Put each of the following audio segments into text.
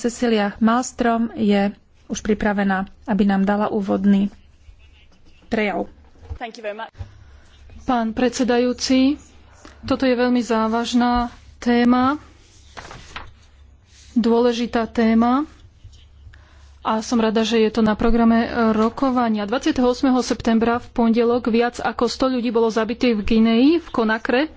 Cecilia Malstrom je už pripravená, aby nám dala úvodný prejav. Pán predsedajúci, toto je veľmi závažná téma, dôležitá téma a som rada, že je to na programe rokovania. 28. septembra v pondelok viac ako 100 ľudí bolo zabitých v Gineji, v Konakre,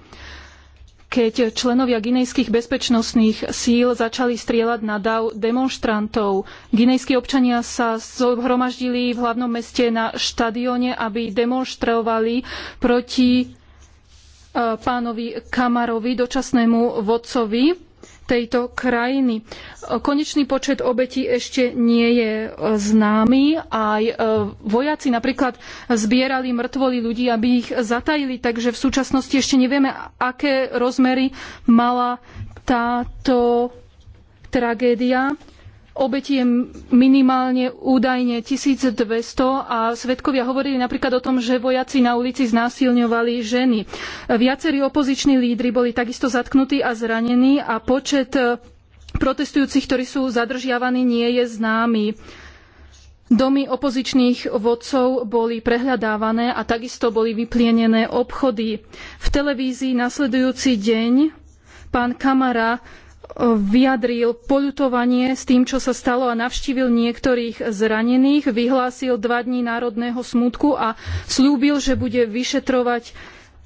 keď členovia ginejských bezpečnostných síl začali strieľať na dav demonštrantov. Ginejskí občania sa zhromaždili v hlavnom meste na štadióne, aby demonštrovali proti e, pánovi Kamarovi, dočasnému vodcovi tejto krajiny. Konečný počet obetí ešte nie je e, známy. Aj e, vojaci napríklad zbierali mŕtvoly ľudí, aby ich zatajili, takže v súčasnosti ešte nevieme, aké rozmery mala táto tragédia. Obetí je minimálne údajne 1200 a svedkovia hovorili napríklad o tom, že vojaci na ulici znásilňovali ženy. Viacerí opoziční lídri boli takisto zatknutí a zranení a počet eh, protestujúcich, ktorí sú zadržiavaní, nie je známy. Domy opozičných vodcov boli prehľadávané a takisto boli vyplienené obchody. V televízii nasledujúci deň pán Kamara vyjadril poľutovanie s tým, čo sa stalo a navštívil niektorých zranených, vyhlásil dva dní národného smútku a slúbil, že bude vyšetrovať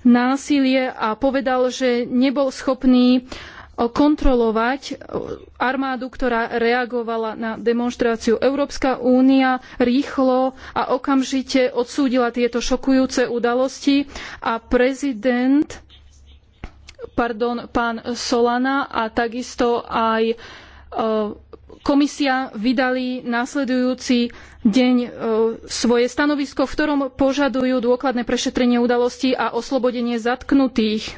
násilie a povedal, že nebol schopný eh, kontrolovať eh, armádu, ktorá reagovala na demonštráciu. Európska únia rýchlo a okamžite odsúdila tieto šokujúce udalosti a prezident pardon, pán Solana a takisto aj e, komisia vydali následujúci deň e, svoje stanovisko, v ktorom požadujú dôkladné prešetrenie udalostí a oslobodenie zatknutých.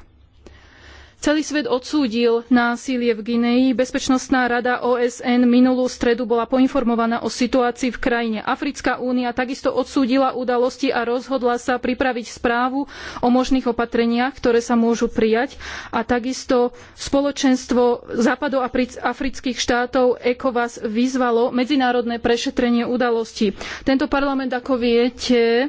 Celý svet odsúdil násilie v Gineji. Bezpečnostná rada OSN minulú stredu bola poinformovaná o situácii v krajine. Africká únia takisto odsúdila udalosti a rozhodla sa pripraviť správu o možných opatreniach, ktoré sa môžu prijať. A takisto spoločenstvo západoafrických štátov ECOWAS vyzvalo medzinárodné prešetrenie udalostí. Tento parlament, ako viete,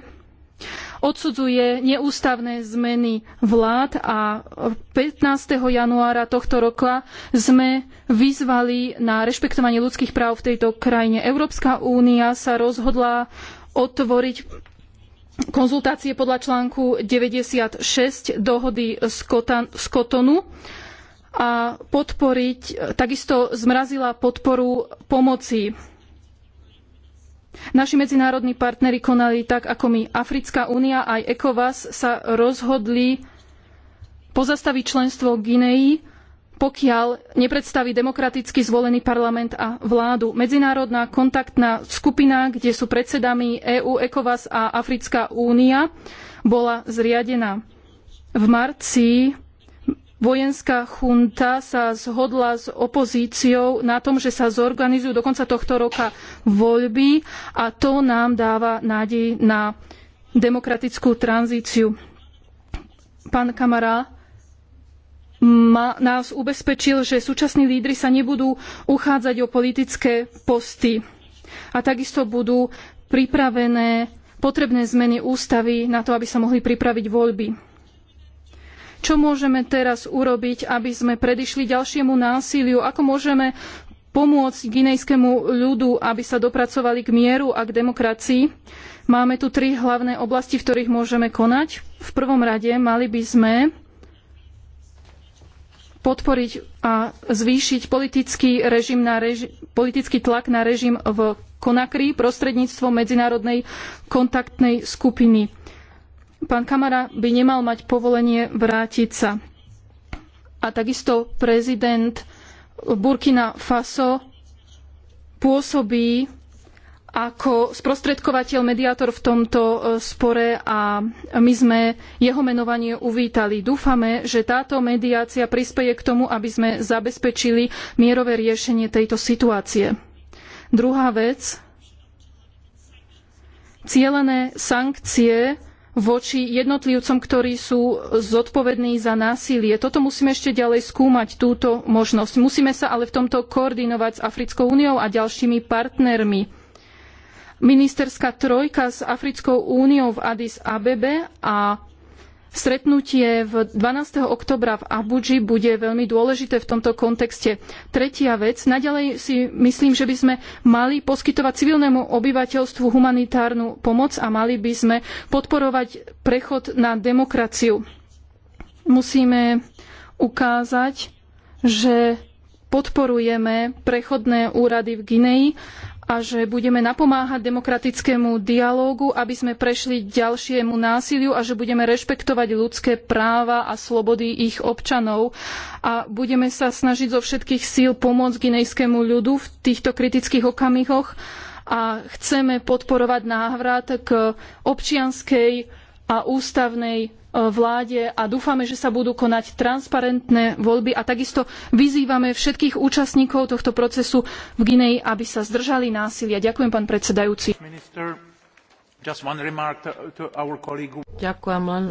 odsudzuje neústavné zmeny vlád a 15. januára tohto roka sme vyzvali na rešpektovanie ľudských práv v tejto krajine. Európska únia sa rozhodla otvoriť konzultácie podľa článku 96 dohody z Kotonu a podporiť, takisto zmrazila podporu pomoci Naši medzinárodní partnery konali tak, ako my. Africká únia aj ECOWAS sa rozhodli pozastaviť členstvo Gineji, pokiaľ nepredstaví demokraticky zvolený parlament a vládu. Medzinárodná kontaktná skupina, kde sú predsedami EÚ, ECOWAS a Africká únia, bola zriadená. V marci vojenská chunta sa zhodla s opozíciou na tom, že sa zorganizujú do konca tohto roka voľby a to nám dáva nádej na demokratickú tranzíciu. Pán Kamara ma, nás ubezpečil, že súčasní lídri sa nebudú uchádzať o politické posty a takisto budú pripravené potrebné zmeny ústavy na to, aby sa mohli pripraviť voľby. Čo môžeme teraz urobiť, aby sme predišli ďalšiemu násiliu? Ako môžeme pomôcť ginejskému ľudu, aby sa dopracovali k mieru a k demokracii? Máme tu tri hlavné oblasti, v ktorých môžeme konať. V prvom rade mali by sme podporiť a zvýšiť politický, režim na reži- politický tlak na režim v Konakry prostredníctvom medzinárodnej kontaktnej skupiny. Pán Kamara by nemal mať povolenie vrátiť sa. A takisto prezident Burkina Faso pôsobí ako sprostredkovateľ, mediátor v tomto e, spore a my sme jeho menovanie uvítali. Dúfame, že táto mediácia prispeje k tomu, aby sme zabezpečili mierové riešenie tejto situácie. Druhá vec. Cielené sankcie voči jednotlivcom, ktorí sú zodpovední za násilie. Toto musíme ešte ďalej skúmať, túto možnosť. Musíme sa ale v tomto koordinovať s Africkou úniou a ďalšími partnermi. Ministerská trojka s Africkou úniou v Addis Abebe a Stretnutie v 12. oktobra v Abuji bude veľmi dôležité v tomto kontexte. Tretia vec, naďalej si myslím, že by sme mali poskytovať civilnému obyvateľstvu humanitárnu pomoc a mali by sme podporovať prechod na demokraciu. Musíme ukázať, že podporujeme prechodné úrady v Gineji a že budeme napomáhať demokratickému dialógu, aby sme prešli ďalšiemu násiliu a že budeme rešpektovať ľudské práva a slobody ich občanov a budeme sa snažiť zo všetkých síl pomôcť ginejskému ľudu v týchto kritických okamihoch a chceme podporovať návrat k občianskej a ústavnej E, vláde a dúfame, že sa budú konať transparentné voľby a takisto vyzývame všetkých účastníkov tohto procesu v Gineji, aby sa zdržali násilia. Ďakujem, pán predsedajúci. Ďakujem len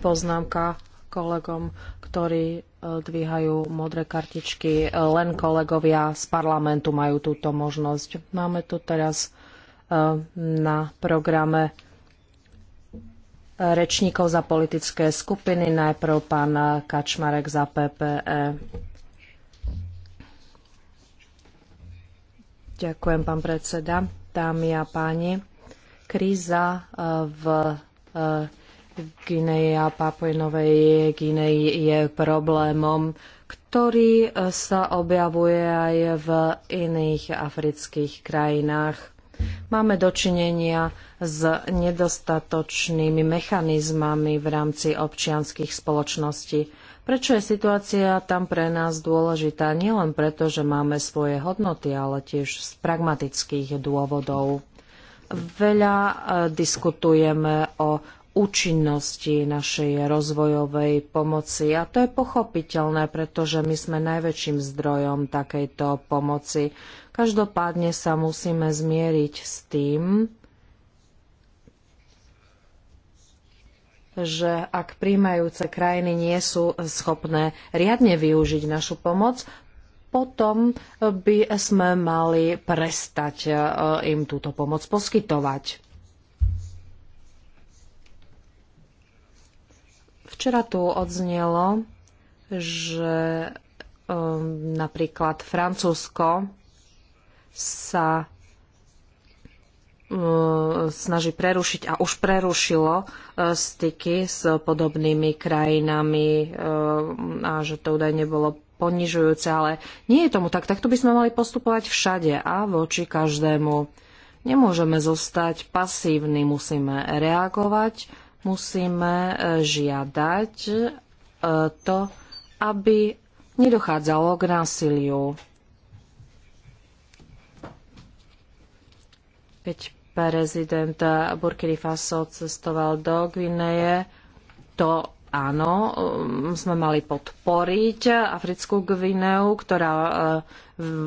poznámka kolegom, ktorí e, dvíhajú modré kartičky. E, len kolegovia z parlamentu majú túto možnosť. Máme tu teraz na programe rečníkov za politické skupiny. Najprv pán Kačmarek za PPE. Ďakujem, pán predseda. Dámy a páni, kríza e, v e, Gineji a Papuinovej Gineji je problémom, ktorý e, sa objavuje aj v iných afrických krajinách Máme dočinenia s nedostatočnými mechanizmami v rámci občianskych spoločností. Prečo je situácia tam pre nás dôležitá? Nielen preto, že máme svoje hodnoty, ale tiež z pragmatických dôvodov. Veľa e, diskutujeme o účinnosti našej rozvojovej pomoci. A to je pochopiteľné, pretože my sme najväčším zdrojom takejto pomoci. Každopádne sa musíme zmieriť s tým, že ak príjmajúce krajiny nie sú schopné riadne využiť našu pomoc, potom by sme mali prestať e, im túto pomoc poskytovať. Včera tu odznelo, že um, napríklad Francúzsko sa uh, snaží prerušiť a už prerušilo uh, styky s podobnými krajinami uh, a že to údajne bolo ponižujúce, ale nie je tomu tak. Takto by sme mali postupovať všade a voči každému. Nemôžeme zostať pasívni, musíme reagovať musíme e, žiadať e, to, aby nedochádzalo k násiliu. Keď prezident Burkiri Faso cestoval do Gvineje, to áno, sme mali podporiť Africkú Gvineu, ktorá e,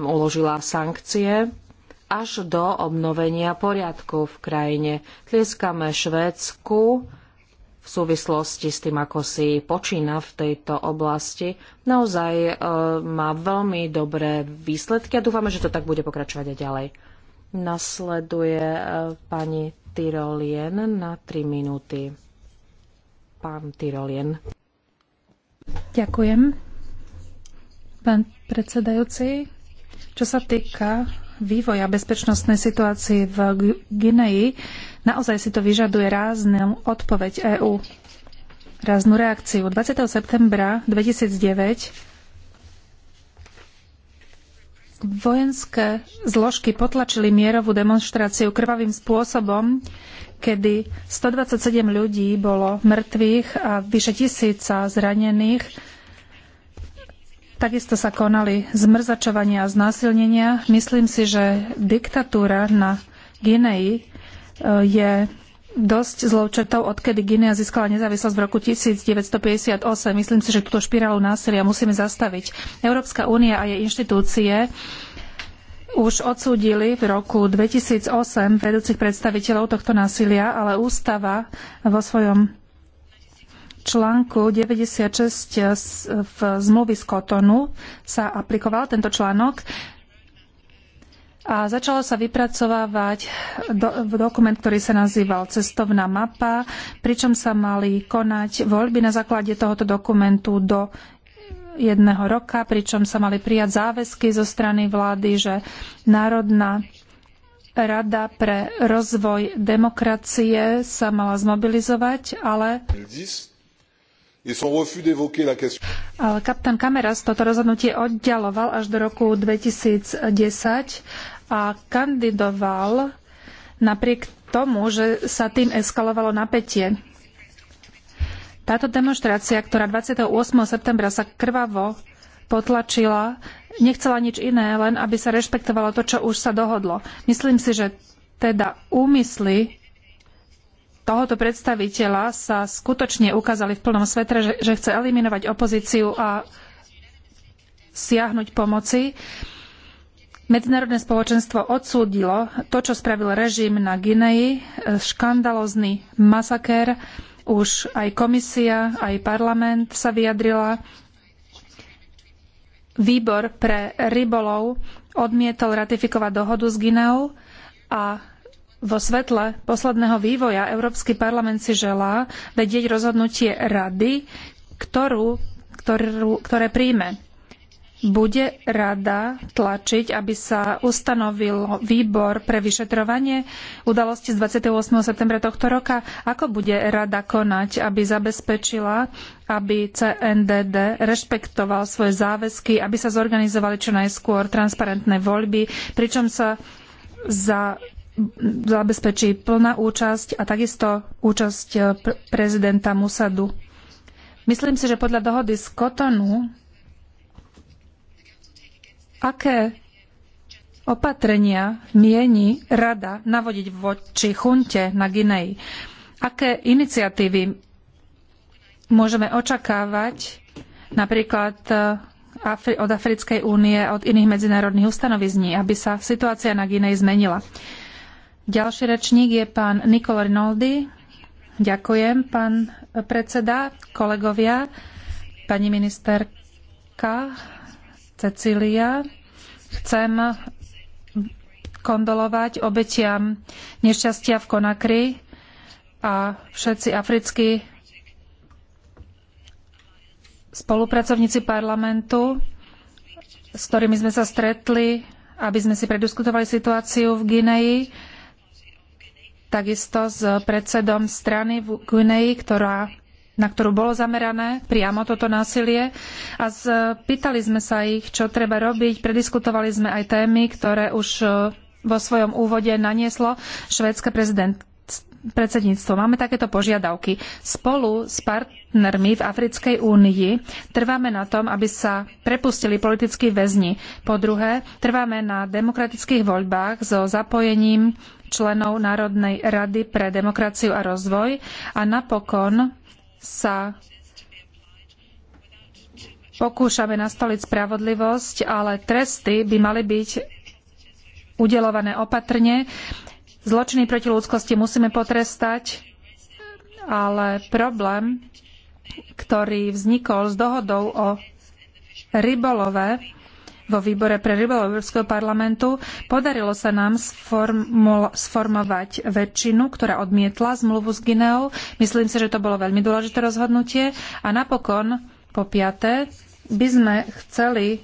uložila sankcie až do obnovenia poriadku v krajine. Tlieskame Švédsku, v súvislosti s tým, ako si počína v tejto oblasti, naozaj e, má veľmi dobré výsledky a dúfame, že to tak bude pokračovať aj ďalej. Nasleduje e, pani Tyrolien na 3 minúty. Pán Tyrolien. Ďakujem. Pán predsedajúci, čo sa týka vývoja bezpečnostnej situácie v Gineji, naozaj si to vyžaduje ráznú odpoveď EÚ. Ráznú reakciu. 20. septembra 2009 vojenské zložky potlačili mierovú demonštráciu krvavým spôsobom, kedy 127 ľudí bolo mŕtvych a vyše tisíca zranených Takisto sa konali zmrzačovania a znásilnenia. Myslím si, že diktatúra na Gineji e, je dosť zlou odkedy Guinea získala nezávislosť v roku 1958. Myslím si, že túto špirálu násilia musíme zastaviť. Európska únia a jej inštitúcie už odsúdili v roku 2008 vedúcich predstaviteľov tohto násilia, ale ústava vo svojom článku 96 v zmluvy z Kotonu sa aplikoval tento článok a začalo sa vypracovávať do, dokument, ktorý sa nazýval Cestovná mapa, pričom sa mali konať voľby na základe tohoto dokumentu do jedného roka, pričom sa mali prijať záväzky zo strany vlády, že Národná rada pre rozvoj demokracie sa mala zmobilizovať, ale ale kapitán Kameras toto rozhodnutie oddialoval až do roku 2010 a kandidoval napriek tomu, že sa tým eskalovalo napätie. Táto demonštrácia, ktorá 28. septembra sa krvavo potlačila, nechcela nič iné, len aby sa rešpektovalo to, čo už sa dohodlo. Myslím si, že teda úmysly tohoto predstaviteľa sa skutočne ukázali v plnom svetre, že, že chce eliminovať opozíciu a siahnuť pomoci. Medzinárodné spoločenstvo odsúdilo to, čo spravil režim na Gineji, škandalózny masakér. Už aj komisia, aj parlament sa vyjadrila. Výbor pre rybolov odmietol ratifikovať dohodu s Gineou a vo svetle posledného vývoja Európsky parlament si želá vedieť rozhodnutie rady, ktorú, ktorú, ktoré príjme. Bude rada tlačiť, aby sa ustanovil výbor pre vyšetrovanie udalosti z 28. septembra tohto roka? Ako bude rada konať, aby zabezpečila, aby CNDD rešpektoval svoje záväzky, aby sa zorganizovali čo najskôr transparentné voľby, pričom sa za zabezpečí plná účasť a takisto účasť e, prezidenta Musadu. Myslím si, že podľa dohody z Kotonu, aké opatrenia mieni rada navodiť voči chunte na Gineji? Aké iniciatívy môžeme očakávať napríklad e, od Africkej únie, od iných medzinárodných ustanovizní, aby sa situácia na Gineji zmenila? Ďalší rečník je pán Nikol Rinaldi. Ďakujem, pán predseda, kolegovia, pani ministerka Cecília. Chcem kondolovať obetiam nešťastia v Konakry a všetci africkí spolupracovníci parlamentu, s ktorými sme sa stretli, aby sme si prediskutovali situáciu v Gineji takisto s predsedom strany v Guineji, ktorá na ktorú bolo zamerané priamo toto násilie a pýtali sme sa ich, čo treba robiť. Prediskutovali sme aj témy, ktoré už eh, vo svojom úvode nanieslo švédske prezident, predsedníctvo. Máme takéto požiadavky. Spolu s partnermi v Africkej únii trváme na tom, aby sa prepustili politickí väzni. Po druhé, trváme na demokratických voľbách so zapojením členov Národnej rady pre demokraciu a rozvoj a napokon sa pokúšame nastoliť spravodlivosť, ale tresty by mali byť udelované opatrne Zločiny proti ľudskosti musíme potrestať, ale problém, ktorý vznikol s dohodou o rybolove vo výbore pre rybolov Európskeho parlamentu, podarilo sa nám sformul, sformovať väčšinu, ktorá odmietla zmluvu s Gineou. Myslím si, že to bolo veľmi dôležité rozhodnutie. A napokon, po piaté, by sme chceli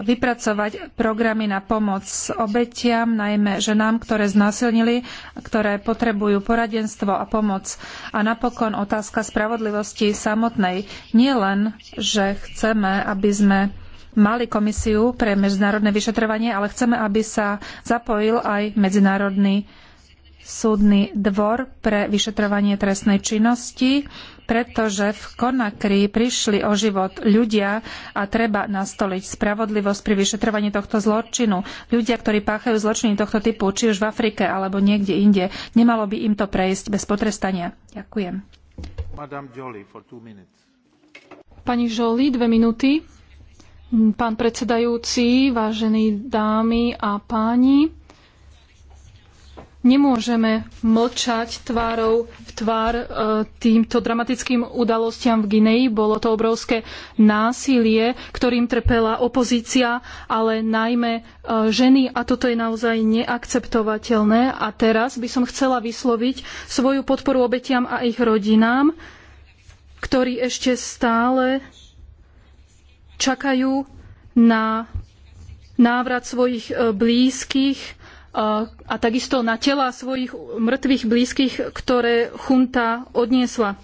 vypracovať programy na pomoc obetiam, najmä ženám, ktoré znásilnili, ktoré potrebujú poradenstvo a pomoc. A napokon otázka spravodlivosti samotnej. Nie len, že chceme, aby sme mali komisiu pre medzinárodné vyšetrovanie, ale chceme, aby sa zapojil aj Medzinárodný súdny dvor pre vyšetrovanie trestnej činnosti pretože v Konakry prišli o život ľudia a treba nastoliť spravodlivosť pri vyšetrovaní tohto zločinu. Ľudia, ktorí páchajú zločiny tohto typu, či už v Afrike alebo niekde inde, nemalo by im to prejsť bez potrestania. Ďakujem. Pani Žoli, dve minúty. Pán predsedajúci, vážení dámy a páni, Nemôžeme mlčať tvárou v tvár e, týmto dramatickým udalostiam v Gineji. Bolo to obrovské násilie, ktorým trpela opozícia, ale najmä e, ženy a toto je naozaj neakceptovateľné. A teraz by som chcela vysloviť svoju podporu obetiam a ich rodinám, ktorí ešte stále čakajú na návrat svojich e, blízkych a takisto na tela svojich mŕtvych blízkych, ktoré chunta odniesla.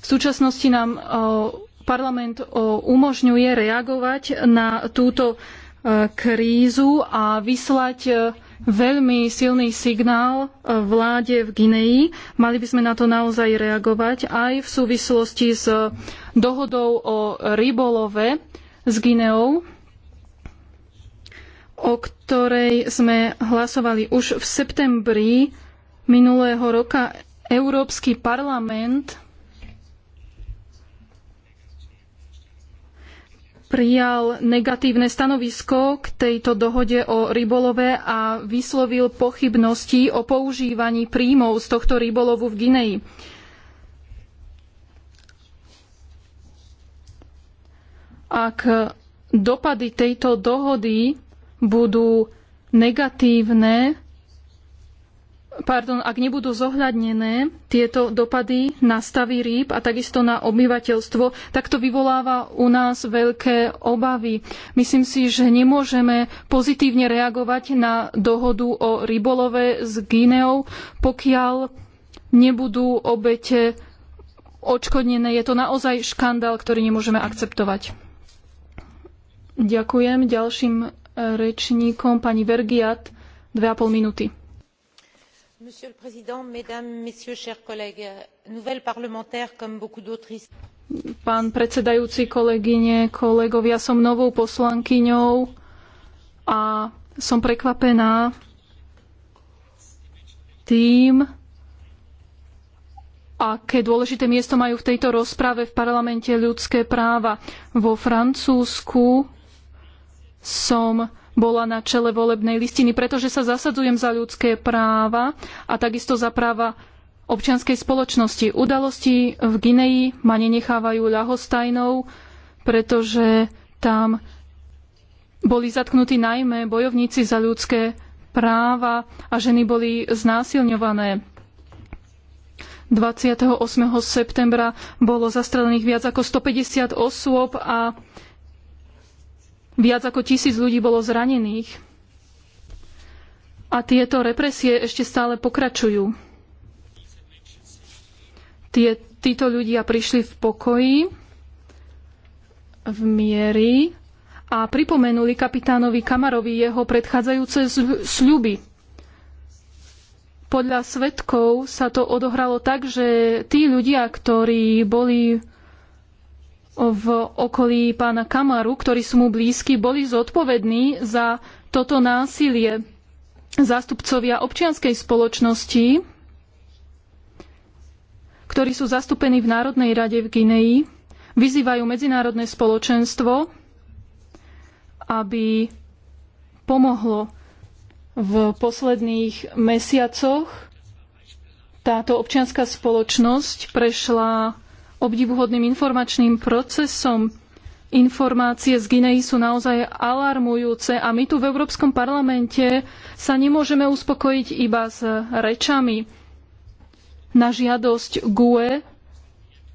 V súčasnosti nám parlament umožňuje reagovať na túto e, krízu a vyslať e, veľmi silný signál e, vláde v Gineji. Mali by sme na to naozaj reagovať aj v súvislosti s dohodou o rybolove s Gineou o ktorej sme hlasovali už v septembri minulého roka. Európsky parlament prijal negatívne stanovisko k tejto dohode o rybolove a vyslovil pochybnosti o používaní príjmov z tohto rybolovu v Gineji. Ak dopady tejto dohody budú negatívne, pardon, ak nebudú zohľadnené tieto dopady na stavy rýb a takisto na obyvateľstvo, tak to vyvoláva u nás veľké obavy. Myslím si, že nemôžeme pozitívne reagovať na dohodu o rybolove s Gineou, pokiaľ nebudú obete odškodnené. Je to naozaj škandál, ktorý nemôžeme akceptovať. Ďakujem. Ďalším rečníkom pani Vergiat, Dve a pol minúty. Pán predsedajúci, kolegyne, kolegovia, som novou poslankyňou a som prekvapená tým, aké dôležité miesto majú v tejto rozprave v parlamente ľudské práva. Vo Francúzsku som bola na čele volebnej listiny, pretože sa zasadzujem za ľudské práva a takisto za práva občianskej spoločnosti. Udalosti v Gineji ma nenechávajú ľahostajnou, pretože tam boli zatknutí najmä bojovníci za ľudské práva a ženy boli znásilňované. 28. septembra bolo zastrelených viac ako 150 osôb a Viac ako tisíc ľudí bolo zranených. A tieto represie ešte stále pokračujú. Tie, títo ľudia prišli v pokoji, v miery a pripomenuli kapitánovi Kamarovi jeho predchádzajúce sľuby. Podľa svetkov sa to odohralo tak, že tí ľudia, ktorí boli v okolí pána Kamaru, ktorí sú mu blízki, boli zodpovední za toto násilie. Zástupcovia občianskej spoločnosti, ktorí sú zastúpení v Národnej rade v Guinei, vyzývajú medzinárodné spoločenstvo, aby pomohlo v posledných mesiacoch. Táto občianská spoločnosť prešla obdivuhodným informačným procesom. Informácie z Gineji sú naozaj alarmujúce a my tu v Európskom parlamente sa nemôžeme uspokojiť iba s rečami. Na žiadosť GUE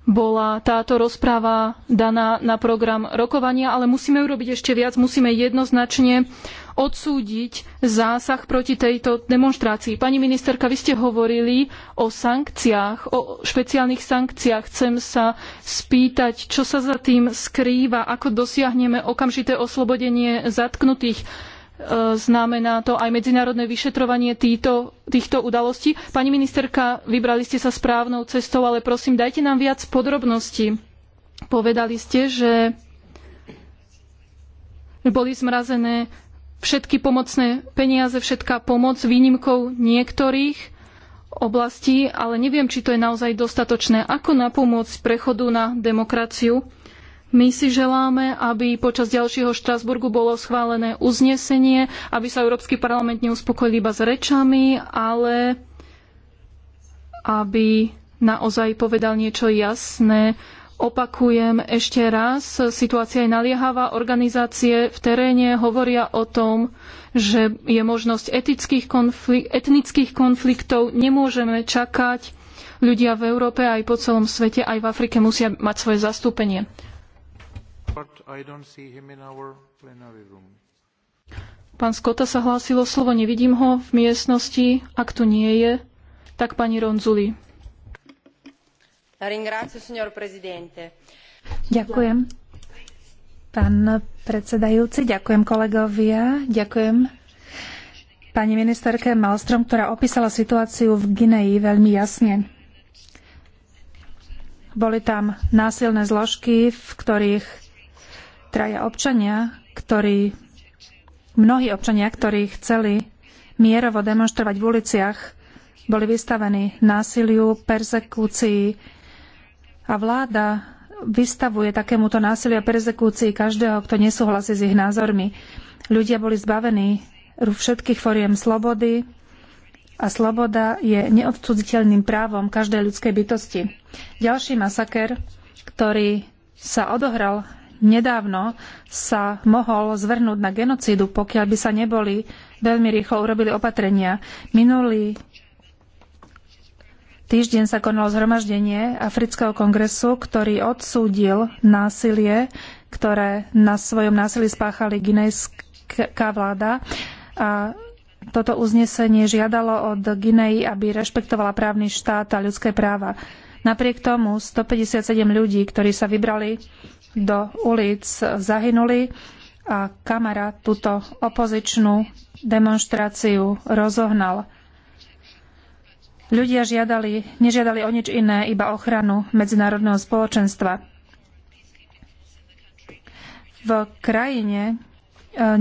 bola táto rozpráva daná na program rokovania, ale musíme urobiť ešte viac, musíme jednoznačne odsúdiť zásah proti tejto demonštrácii. Pani ministerka, vy ste hovorili o sankciách, o špeciálnych sankciách. Chcem sa spýtať, čo sa za tým skrýva, ako dosiahneme okamžité oslobodenie zatknutých e, znamená to aj medzinárodné vyšetrovanie týto, týchto udalostí. Pani ministerka, vybrali ste sa správnou cestou, ale prosím, dajte nám viac podrobností. Povedali ste, že boli zmrazené všetky pomocné peniaze, všetká pomoc výnimkou niektorých oblastí, ale neviem, či to je naozaj dostatočné. Ako napomôcť prechodu na demokraciu? My si želáme, aby počas ďalšieho Štrasburgu bolo schválené uznesenie, aby sa Európsky parlament neuspokojil iba s rečami, ale aby naozaj povedal niečo jasné Opakujem ešte raz, situácia je naliehavá. Organizácie v teréne hovoria o tom, že je možnosť etických etnických konfliktov. Nemôžeme čakať. Ľudia v Európe aj po celom svete, aj v Afrike musia mať svoje zastúpenie. Pán Skota sa hlásil slovo, nevidím ho v miestnosti. Ak tu nie je, tak pani Ronzuli. Ďakujem, pán predsedajúci, ďakujem kolegovia, ďakujem pani ministerke Malstrom, ktorá opísala situáciu v Gineji veľmi jasne. Boli tam násilné zložky, v ktorých traja občania, ktorí, mnohí občania, ktorí chceli mierovo demonštrovať v uliciach, boli vystavení násiliu, persekúcii, a vláda vystavuje takémuto násiliu a persekúcii každého, kto nesúhlasí s ich názormi. Ľudia boli zbavení všetkých foriem slobody a sloboda je neodcudziteľným právom každej ľudskej bytosti. Ďalší masaker, ktorý sa odohral nedávno, sa mohol zvrhnúť na genocídu, pokiaľ by sa neboli veľmi rýchlo urobili opatrenia. Minulý týždeň sa konalo zhromaždenie Afrického kongresu, ktorý odsúdil násilie, ktoré na svojom násilí spáchali ginejská vláda. A toto uznesenie žiadalo od Ginei, aby rešpektovala právny štát a ľudské práva. Napriek tomu 157 ľudí, ktorí sa vybrali do ulic, zahynuli a kamera túto opozičnú demonštráciu rozohnal. Ľudia žiadali, nežiadali o nič iné, iba ochranu medzinárodného spoločenstva. V krajine e,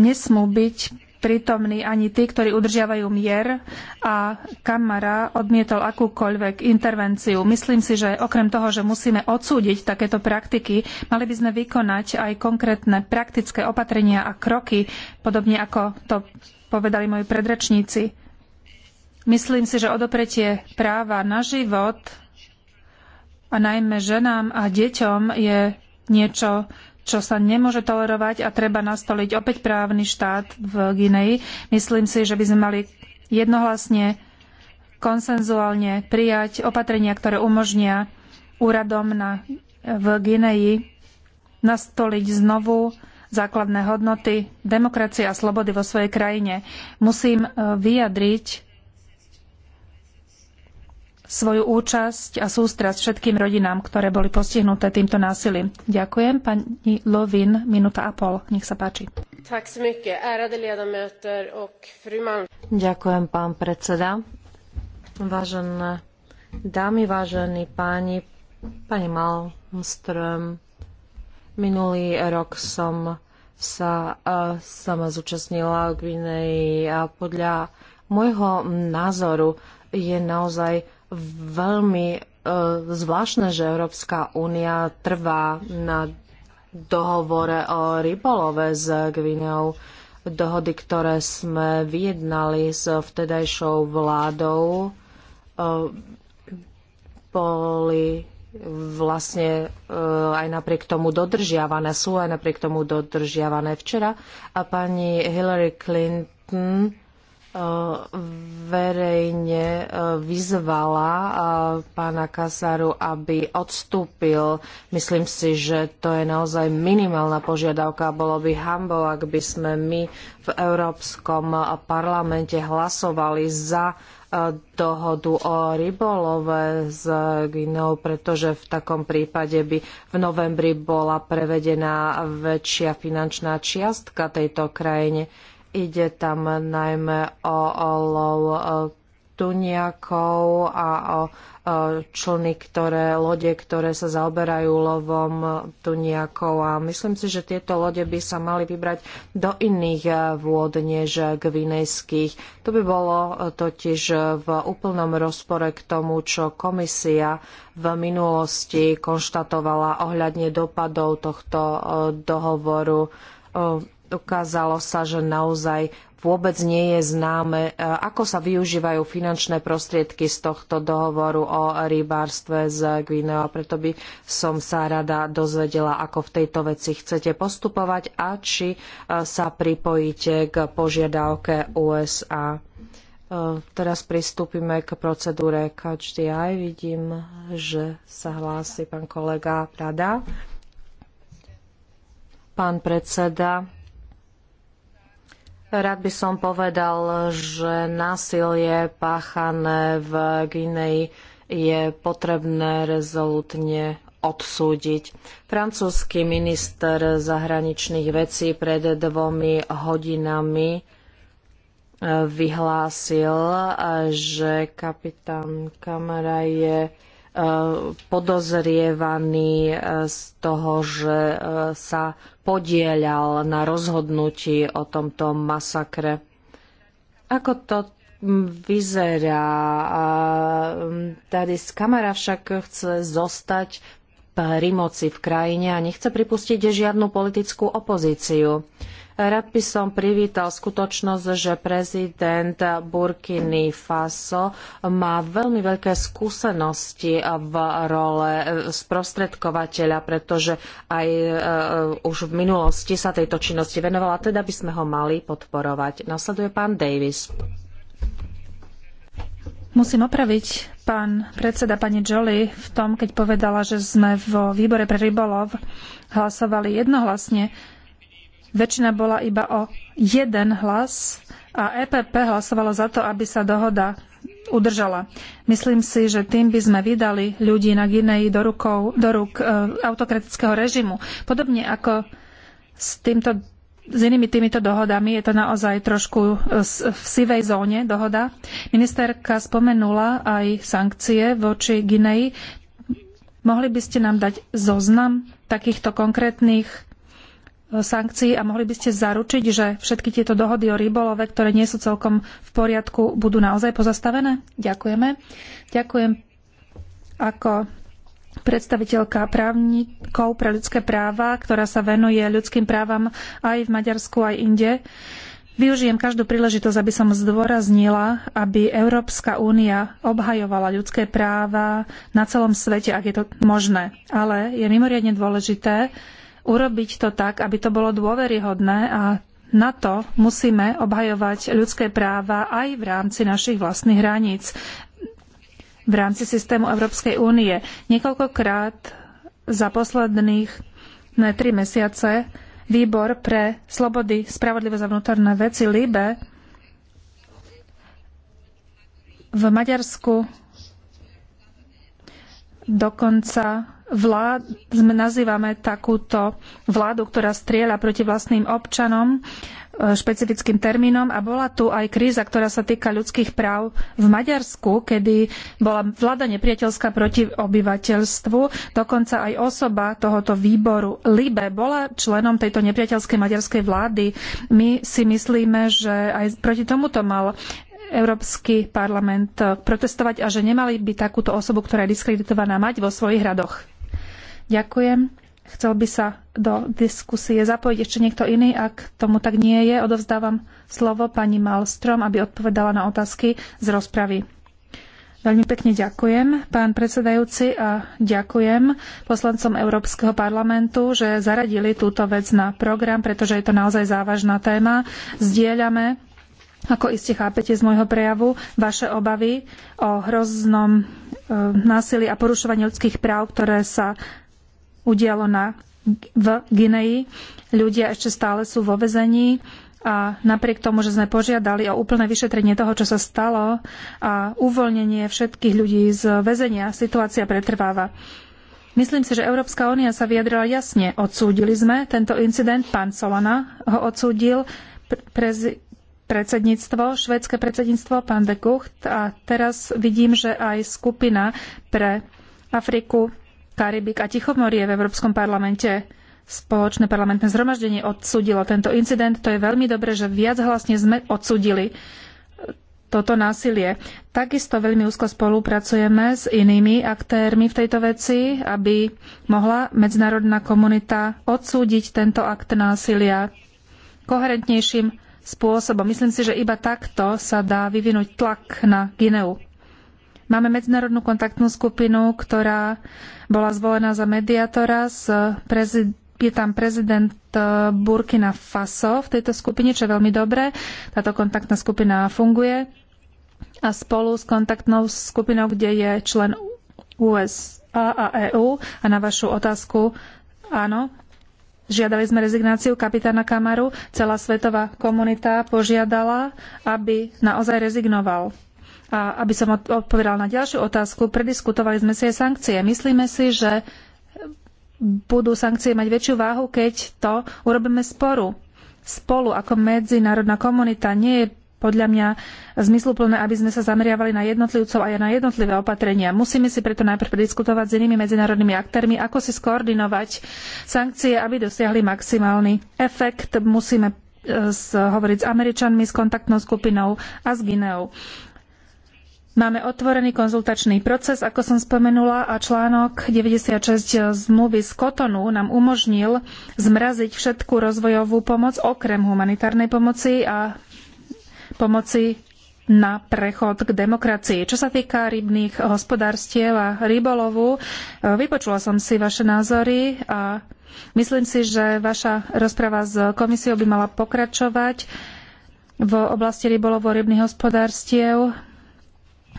nesmú byť prítomní ani tí, ktorí udržiavajú mier a Kamara odmietol akúkoľvek intervenciu. Myslím si, že okrem toho, že musíme odsúdiť takéto praktiky, mali by sme vykonať aj konkrétne praktické opatrenia a kroky, podobne ako to povedali moji predrečníci. Myslím si, že odopretie práva na život a najmä ženám a deťom je niečo, čo sa nemôže tolerovať a treba nastoliť opäť právny štát v Gineji. Myslím si, že by sme mali jednohlasne konsenzuálne prijať opatrenia, ktoré umožnia úradom na, v Gineji nastoliť znovu základné hodnoty demokracie a slobody vo svojej krajine. Musím e, vyjadriť svoju účasť a sústrasť všetkým rodinám, ktoré boli postihnuté týmto násilím. Ďakujem. Pani Lovin, minúta a pol. Nech sa páči. Ďakujem, pán predseda. Vážené dámy, vážení páni, pani Malmström, minulý rok som sa e, sama zúčastnila v Gvineji a podľa môjho názoru je naozaj veľmi e, zvláštne, že Európska únia trvá na dohovore o rybolove s Gvineou. Dohody, ktoré sme vyjednali s vtedajšou vládou, e, boli vlastne e, aj napriek tomu dodržiavané, sú aj napriek tomu dodržiavané včera. A pani Hillary Clinton Eh, verejne eh, vyzvala eh, pána Kasaru, aby odstúpil. Myslím si, že to je naozaj minimálna požiadavka. Bolo by hambou, ak by sme my v Európskom parlamente hlasovali za dohodu o rybolove s Gvinou, pretože v takom prípade by v novembri bola prevedená väčšia finančná čiastka tejto krajine. Ide tam najmä o lov e, tuniakov a o e, člny, ktoré, lode, ktoré sa zaoberajú lovom tuniakov a myslím si, že tieto lode by sa mali vybrať do iných e, vôd než gvinejských. To by bolo totiž v úplnom rozpore k tomu, čo komisia v minulosti konštatovala ohľadne dopadov tohto dohovoru ukázalo sa, že naozaj vôbec nie je známe, e, ako sa využívajú finančné prostriedky z tohto dohovoru o rybárstve z Gvineou. A preto by som sa rada dozvedela, ako v tejto veci chcete postupovať a či e, sa pripojíte k požiadavke USA. E, teraz pristúpime k procedúre Catch the Eye. Vidím, že sa hlási pán kolega Prada. Pán predseda, Rád by som povedal, že násilie páchané v Guinei je potrebné rezolutne odsúdiť. Francúzsky minister zahraničných vecí pred dvomi hodinami eh, vyhlásil, eh, že kapitán Kamara je eh, podozrievaný z toho, že sa podielal na rozhodnutí o tomto masakre. Ako to vyzerá? Tady z kamera však chce zostať pri moci v krajine a nechce pripustiť žiadnu politickú opozíciu. Rád by som privítal skutočnosť, že prezident Burkiny Faso má veľmi veľké skúsenosti v role sprostredkovateľa, pretože aj e, e, už v minulosti sa tejto činnosti venovala, teda by sme ho mali podporovať. Nasleduje pán Davis. Musím opraviť pán predseda pani Jolie v tom, keď povedala, že sme vo výbore pre rybolov hlasovali jednohlasne Väčšina bola iba o jeden hlas a EPP hlasovalo za to, aby sa dohoda udržala. Myslím si, že tým by sme vydali ľudí na Gineji do, rukou, do rúk e, autokratického režimu. Podobne ako s, týmto, s inými týmito dohodami, je to naozaj trošku e, v sivej zóne dohoda. Ministerka spomenula aj sankcie voči Guinei. Mohli by ste nám dať zoznam takýchto konkrétnych sankcií a mohli by ste zaručiť, že všetky tieto dohody o rybolove, ktoré nie sú celkom v poriadku, budú naozaj pozastavené? Ďakujeme. Ďakujem ako predstaviteľka právnikov pre ľudské práva, ktorá sa venuje ľudským právam aj v Maďarsku, aj inde. Využijem každú príležitosť, aby som zdôraznila, aby Európska únia obhajovala ľudské práva na celom svete, ak je to možné. Ale je mimoriadne dôležité, urobiť to tak, aby to bolo dôveryhodné a na to musíme obhajovať ľudské práva aj v rámci našich vlastných hraníc, v rámci systému Európskej únie. Niekoľkokrát za posledných ne, tri mesiace výbor pre slobody, spravodlivosť a vnútorné veci LIBE v Maďarsku dokonca vlád, nazývame takúto vládu, ktorá strieľa proti vlastným občanom e, špecifickým termínom a bola tu aj kríza, ktorá sa týka ľudských práv v Maďarsku, kedy bola vláda nepriateľská proti obyvateľstvu. Dokonca aj osoba tohoto výboru Libe bola členom tejto nepriateľskej maďarskej vlády. My si myslíme, že aj proti tomuto mal Európsky parlament protestovať a že nemali by takúto osobu, ktorá je diskreditovaná, mať vo svojich radoch. Ďakujem. Chcel by sa do diskusie zapojiť ešte niekto iný. Ak tomu tak nie je, odovzdávam slovo pani Malstrom, aby odpovedala na otázky z rozpravy. Veľmi pekne ďakujem, pán predsedajúci, a ďakujem poslancom Európskeho parlamentu, že zaradili túto vec na program, pretože je to naozaj závažná téma. Zdieľame, ako iste chápete z môjho prejavu, vaše obavy o hroznom e, násilí a porušovaní ľudských práv, ktoré sa udialo na, v Gineji. Ľudia ešte stále sú vo vezení a napriek tomu, že sme požiadali o úplné vyšetrenie toho, čo sa stalo a uvoľnenie všetkých ľudí z väzenia, situácia pretrváva. Myslím si, že Európska únia sa vyjadrila jasne. Odsúdili sme tento incident, pán Solana ho odsúdil, prez, predsedníctvo, švédske predsedníctvo, pán de Gucht a teraz vidím, že aj skupina pre Afriku Karibik a Tichomorie v Európskom parlamente spoločné parlamentné zhromaždenie odsudilo tento incident. To je veľmi dobré, že viac hlasne sme odsudili toto násilie. Takisto veľmi úzko spolupracujeme s inými aktérmi v tejto veci, aby mohla medzinárodná komunita odsúdiť tento akt násilia koherentnejším spôsobom. Myslím si, že iba takto sa dá vyvinúť tlak na Gineu. Máme medzinárodnú kontaktnú skupinu, ktorá bola zvolená za mediátora. Je tam prezident eh, Burkina Faso v tejto skupine, čo je veľmi dobré. Táto kontaktná skupina funguje. A spolu s kontaktnou skupinou, kde je člen USA a EÚ, a na vašu otázku, áno, Žiadali sme rezignáciu kapitána Kamaru, celá svetová komunita požiadala, aby naozaj rezignoval. A aby som odpovedal na ďalšiu otázku, prediskutovali sme si aj sankcie. Myslíme si, že budú sankcie mať väčšiu váhu, keď to urobíme sporu. Spolu ako medzinárodná komunita nie je podľa mňa zmysluplné, aby sme sa zameriavali na jednotlivcov aj na jednotlivé opatrenia. Musíme si preto najprv prediskutovať s inými medzinárodnými aktérmi, ako si skoordinovať sankcie, aby dosiahli maximálny efekt. Musíme e, hovoriť s Američanmi, s kontaktnou skupinou a s Gineou. Máme otvorený konzultačný proces, ako som spomenula, a článok 96 zmluvy z Kotonu nám umožnil zmraziť všetku rozvojovú pomoc okrem humanitárnej pomoci a pomoci na prechod k demokracii. Čo sa týka rybných hospodárstiev a rybolovu, vypočula som si vaše názory a myslím si, že vaša rozprava s komisiou by mala pokračovať v oblasti rybolovu rybných hospodárstiev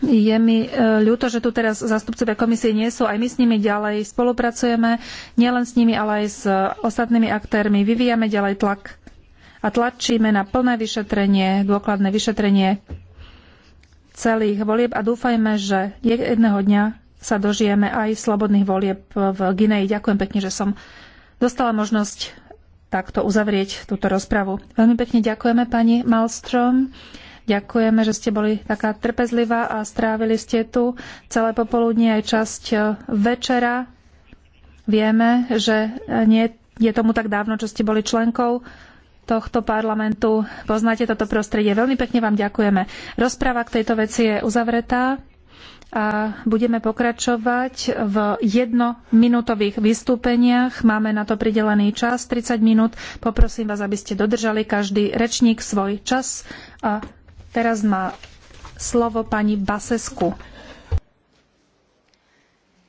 je mi e, ľúto, že tu teraz zastupcovia komisie nie sú. Aj my s nimi ďalej spolupracujeme, nielen s nimi, ale aj s ostatnými aktérmi. Vyvíjame ďalej tlak a tlačíme na plné vyšetrenie, dôkladné vyšetrenie celých volieb a dúfajme, že jedného dňa sa dožijeme aj slobodných volieb v Gineji. Ďakujem pekne, že som dostala možnosť takto uzavrieť túto rozpravu. Veľmi pekne ďakujeme pani Malstrom. Ďakujeme, že ste boli taká trpezlivá a strávili ste tu celé popoludnie aj časť e, večera. Vieme, že e, nie je tomu tak dávno, čo ste boli členkou tohto parlamentu. Poznáte toto prostredie. Veľmi pekne vám ďakujeme. Rozpráva k tejto veci je uzavretá a budeme pokračovať v jednominútových vystúpeniach. Máme na to pridelený čas 30 minút. Poprosím vás, aby ste dodržali každý rečník svoj čas a Teraz má slovo pani Basescu.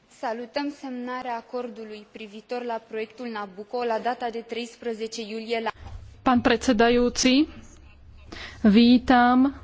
Salutăm semnarea acordului privitor la proiectul Nabucco la data de 13 iulie la... Pán predsedajúci, vítam